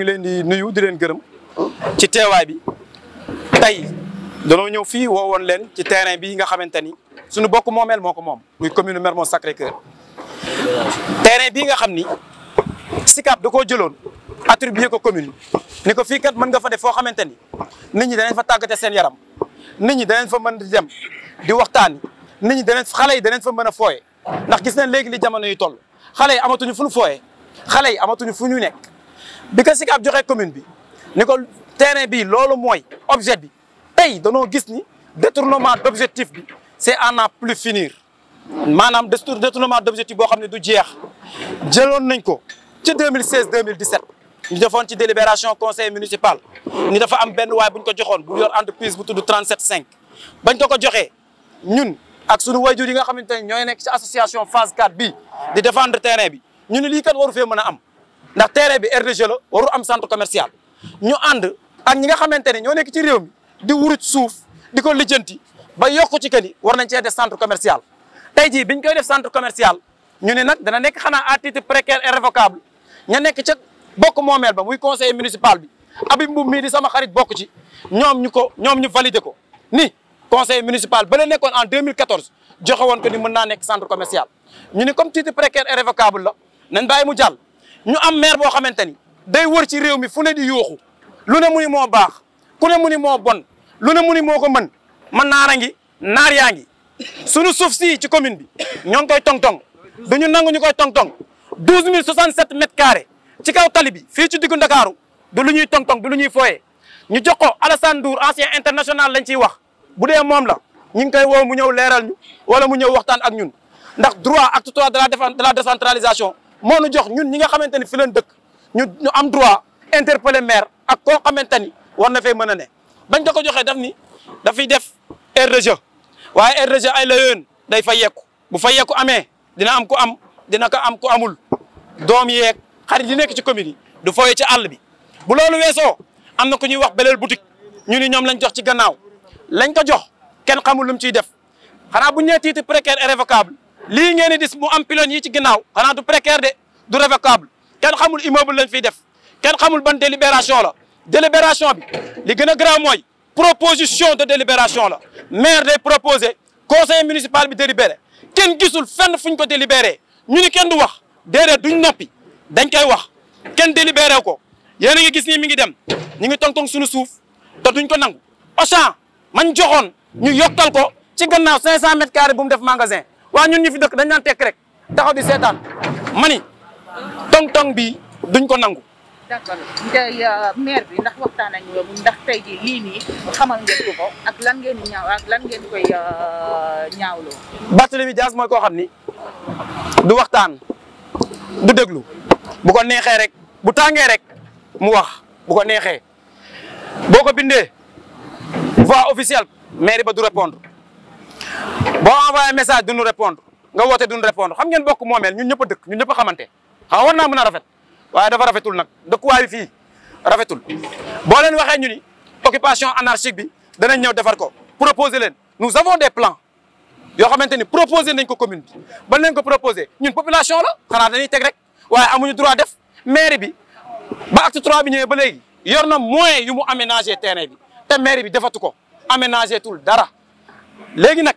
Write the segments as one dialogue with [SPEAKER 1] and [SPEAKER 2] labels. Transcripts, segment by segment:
[SPEAKER 1] ngi leen di nuyu di leen gërëm ci teewaay bi tey danoo ñëw fii woowoon leen ci terrain bi nga xamante ni suñu bokk moomeel moo ko moom muy commune Mermoz Sacré-Cœur terrain bii nga xam ni SICAP da koo jëloon attribué ko commune ni ko fii kat mën nga fa def foo xamante ni nit ñi danañ fa tàggate seen yaram nit ñi danañ fa mën di dem di waxtaan nit ñi danañ xale yi danañ fa mën a fooye ndax gis nañ léegi li jamono yi toll xale yi amatuñu fu ñu fooye xale yi amatuñu fu ñu nekk Parce que Sicap joxee commune bi ni ko terrain bi loolu mooy objet bi tey danoo gis ni détournement d'objectif, objectif bi à n'en plus finir maanaam détournement d'objectif, objectif boo xam ne du jeex jëloon nañ ko ci 2016 2017 avons fait ci délibération conseil municipal ni dafa am benn waay pour ñu ko joxoon bu yor entreprise bu tudd 375 bañ ko ko joxee ñun ak suñu wayjur yi nga xamante ne ñooy ci association phase 4 bi di défendre terrain bi avons fait lii kat waru fee mën a am ndax terrain bi RDG la waru am centre commercial ñu ànd ak ñi nga xamante ne ñoo nekk ci réew mi di wuruj suuf di ko lijjanti ba yokku ci kani war nañ cee def centre commercial tey jii biñ koy def centre commercial ñu ne nag dana nekk xanaa à titre précaire et révocable ña nekk ca bokk moomeel ba muy conseiller municipal bi Habib Mboub mii di sama xarit bokk ci ñoom ñu ko ñoom ñu valider ko ni conseil municipal ba la nekkoon en 2014 joxe woon ko ni mën naa nekk centre commercial ñu ni comme titre précaire et révocable la nañ bàyyi mu jàll ñu am maire boo xamante ni day wër ci réew mi fu ne di yooxu lu ne mu ni moo baax ku ne mu ni moo bon lu ne mu ni moo ko mën man naara ngi naar yaa ngi suñu suuf si ci commune bi ñoo ngi koy tong-tong duñu nangu ñu koy tong-tong douze mille soixante-sept mètres carrés ci kaw tali bi fii ci diggu Ndakaaru du lu ñuy tong-tong du lu ñuy fooyee ñu jox ko Alassane Ndour ancien international lañ ciy wax bu dee moom la ñu ngi koy woo mu ñëw leeral ñu wala mu ñëw waxtaan ak ñun ndax droit acte trois de la de la décentralisation moo nu jox ñun ñi nga xamante ni fi leen dëkk ñu ñu am droit interpeller maire ak koo xamante ni war na fay mën a ne bañ ko ko joxee daf ni dafay def aire de waaye aire de ay la yoon day fa yekku bu fa yekku amee dina am ku am dina ko am ku amul doom yeeg xarit di nekk ci commune yi du ci àll bi bu loolu weesoo am na ku ñuy wax beleel boutique ñu ni ñoom lañ jox ci gannaaw lañ ko jox kenn xamul lu mu ciy def xanaa bu ñu nee titre précaire et révocable li ngeen di gis mu am pylône yi ci ginnaaw xanaa du précaire de du révocable kenn xamul immeuble lañ fiy def kenn xamul ban délibération la délibération bi li gën a grave mooy proposition de délibération la maire day proposé conseil municipal bi délibéré kenn gisul fenn fuñ ko délibéré ñu ni kenn du wax déedéet duñ noppi dañ koy wax kenn délibéré ko yéen a ngi gis ni mi ngi dem ñu ngi tong tong suñu suuf te duñ ko nangu Auchan man joxoon ñu yokkal ko ci gannaaw 500 mètres carrés bu mu def magasin wa ñun ñi fi dëkk dañ nan tek rek taxaw di sétan mani tong-tong bi duñ ko nangu
[SPEAKER 2] d'accord ya, maire bi ndax waxtaan ak yow ndax tay jii li ni xamal ngeen ko ko ak lan ngeen di ñaaw ak lan ngeen koy euh, ñaawlo
[SPEAKER 1] Barthélemy bi mooy moy ko xamni du waxtaan du déglu bu ko nexé rek bu tangé rek mu wax bu ko nexé boo officielle maire ba du répondre boo envoyé message duñu répondre nga woote duñu répondre xam ngeen bokk momel ñun ñëpp a dëkk ñun ñëpp xamanté xamante xam war naa mën a rafet waaye dafa rafetul nag dëkkuwaay fii rafetul boo leen waxé ñu ni occupation anarchique bi danañ ñëw défar ko proposer leen nous avons des plans yo xamante ni proposer nañ ko commune bi ban leen ko proposer ñun population la xanaa dañuy teg rek waye amuñu droit def maire bi ba acte trois bi ñëwee ba légui yor na moyen yu mu aménager terrain bi té maire bi defatu ko aménager tul dara légui nak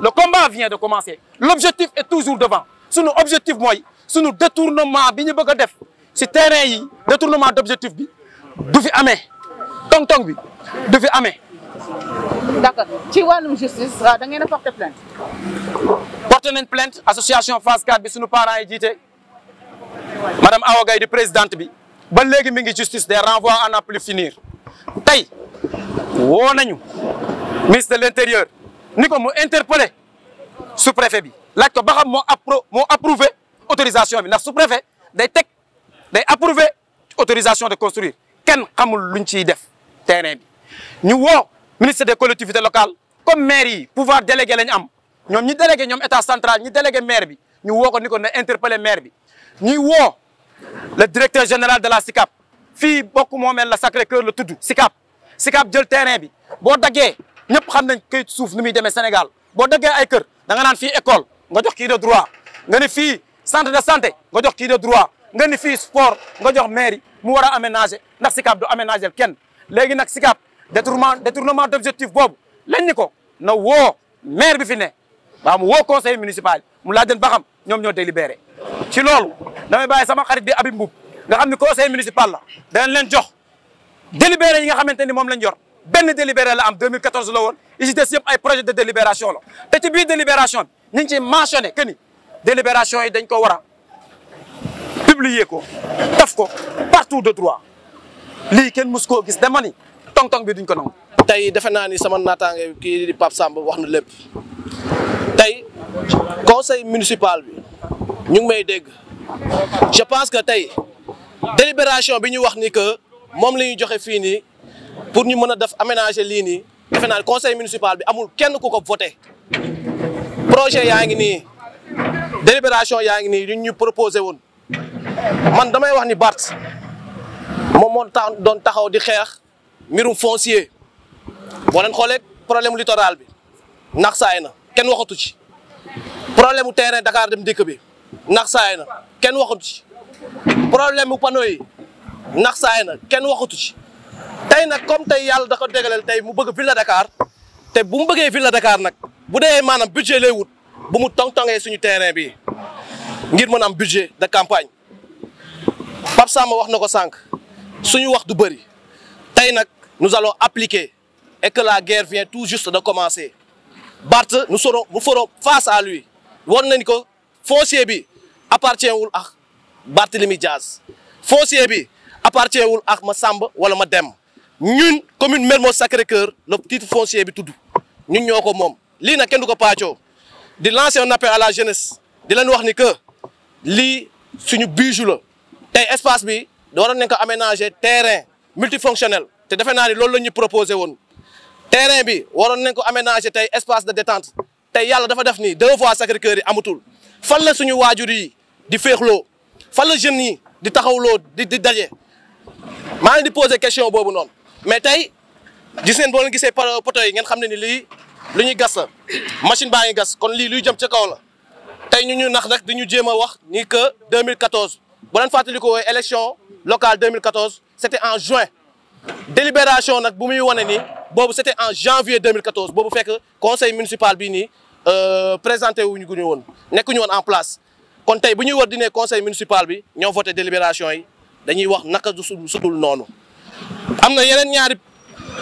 [SPEAKER 1] Le combat vient de commencer. L'objectif est toujours devant. Sunu objectif mooy sunu détournement bi ñu bëgg C'est def si terrain yi détournement d'objectif bi du fi amé, tong-tong bi du fi amé.
[SPEAKER 2] D'accord ci nous justice euh, da ngeen une plainte. plainte.
[SPEAKER 1] Porte une plainte association phase 4 bi sunu parents yi madame Awagay, présidente bi ba léegi une justice des renvois à n'en plus finir tey woo nañu ministre de l'intérieur. Nous avons interpellé le sous-préfet bi laaj ko approuvé l'autorisation bi sous-préfet day approuvé autorisation de construire Nous xamul luñ le def terrain Nous avons ministre des collectivités locales comme mairie, pouvoir déléguer les gens Nous avons délégué l'état état central nous délégué maire Nous avons woo ko interpellé maire Nous avons le directeur général de la SICAP beaucoup moins, moomeel la Sacré-Cœur la tudd SICAP SICAP le terrain bi ñëpp xam nañ kayit suuf nu muy demee Sénégal boo dëggee ay kër da naan fii école nga jox kii de droit nga ne fii centre de santé nga jox kii de droit nga ne fii sport nga jox mairie mu war a aménager ndax SICAP du aménager kenn léegi nag SICAP détournement détournement d' objectif boobu lañ ni ko na woo maire bi fi ne waaw mu woo conseil municipal mu laaj leen ba xam ñoom ñoo délibéré ci loolu damay bàyyi sama xarit bi Habib Mboup nga xam ne conseil municipal la danañ leen jox délibéré yi nga xamante ni moom lañ yor ben délibéré la am 2014 la won ici ci des ay projet de délibération la te ci bi délibération ni ci mentionné que ni délibération yi dañ ko wara publier ko
[SPEAKER 2] taf ko partout de droit li ken musko gis dama ni tong-tong bi duñ ko nangu. tay défé na ni sama naataange ki di pap Samb wax na lépp conseil municipal bi ñu ngi may dégg je pense que tay délibération bi ñu wax ni que mom lañu joxé fini pour ñu mën def aménager lii le conseil municipal bi amul kenn ku ko voté projet yaangi ni délibération yaangi ni nii ñu proposé won man damay wax ni Bart moom moo tax taxaw di xex mbirum foncier boo leen xoolee problème littoral bi nax saay na kenn waxatu ci problème terrain Dakar dem dik bi nax saay na kenn waxatu ci problème panneau yi nax saay na kenn waxatu ci. tey nag comme tey yàlla da ko tey mu bëgg ville de Dakar te bu mu bëggee ville de Dakar nag bu dee maanaam budget lay wut bu mu tong-tongee suñu terrain bi ngir mën am budget de campagne Pape Samba wax na ko sànq suñu wax du bëri tey nag nous allons appliquer et que la guerre vient tout juste de commencer Bart nous serons nous face à lui war nañ ko foncier bi appartient wul ak Barthélémy Diaz foncier bi appartient wul ak ma samb wala ma Dem ñun commune Mermoz Sacré-Cœur le titre foncier bi tudd ñun ñoo ko moom lii nag kenn du ko paacoo di lancer o appel à la jeunesse di leen wax ni que lii suñu bijou la tey espace bi waroon nañ ko aménager terrain multifonctionnel te defe naa ni loolu la ñu proposé woon terrain bi waroon nañ ko aménager tey espace de détente tey yàlla dafa def ni deux voies Sacré-Cœur yi amatul fan la suñu waajur yi di féexloo fan la jeunes yi di taxawloo di di daje maa ngi di poser question boobu noonu mais tay gis ngeen boo leen gisee poteau yi ngeen xam ne ni lii lu ñuy gas la machine baa ngi gas kon lii luy jëm ca kaw la tey ñu ñu nax nag dañu jéem a wax ni que 2014 bu leen fàttali ko woy élection locale 2014 c' était en juin délibération nag bu muy wane ni boobu c' était en janvier 2014 boobu fekk conseil municipal bii nii euh, présenté wuñu guñu woon nekkuñu woon en place kon tey bu ñuy war di ne conseil municipal bi ñoo voté délibération yi dañuy wax naka du sudul noonu am na yeneen ñaari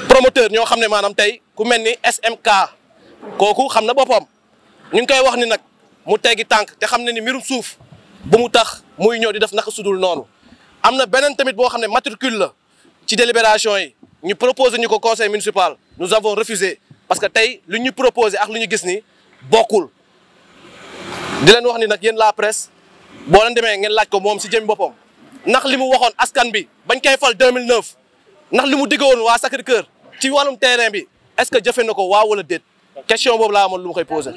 [SPEAKER 2] promoteur ñoo xam ne maanaam tey ku mel ni SMK kooku xam na boppam ñu ngi koy wax ni nag mu teggi tànk te xam ne ni mbirum suuf bu mu tax muy ñëw di def naka sudul noonu am na beneen tamit boo xam ne matricule la ci délibération yi ñu proposé ñu ko conseil municipal nous avons refusé parce que tey lu ñu proposé ak lu ñu gis ni bokkul di leen wax ni nag yéen la presse boo leen demee ngeen laaj ko moom si jëm boppam ndax li mu waxoon askan bi bañ koy fal 2009 ndax li mu diggoon waa Sacré Cœur ci wàllum terrain bi est-ce que jëfe na ko waaw wala déet question boobu laa amoon lu ma koy posé.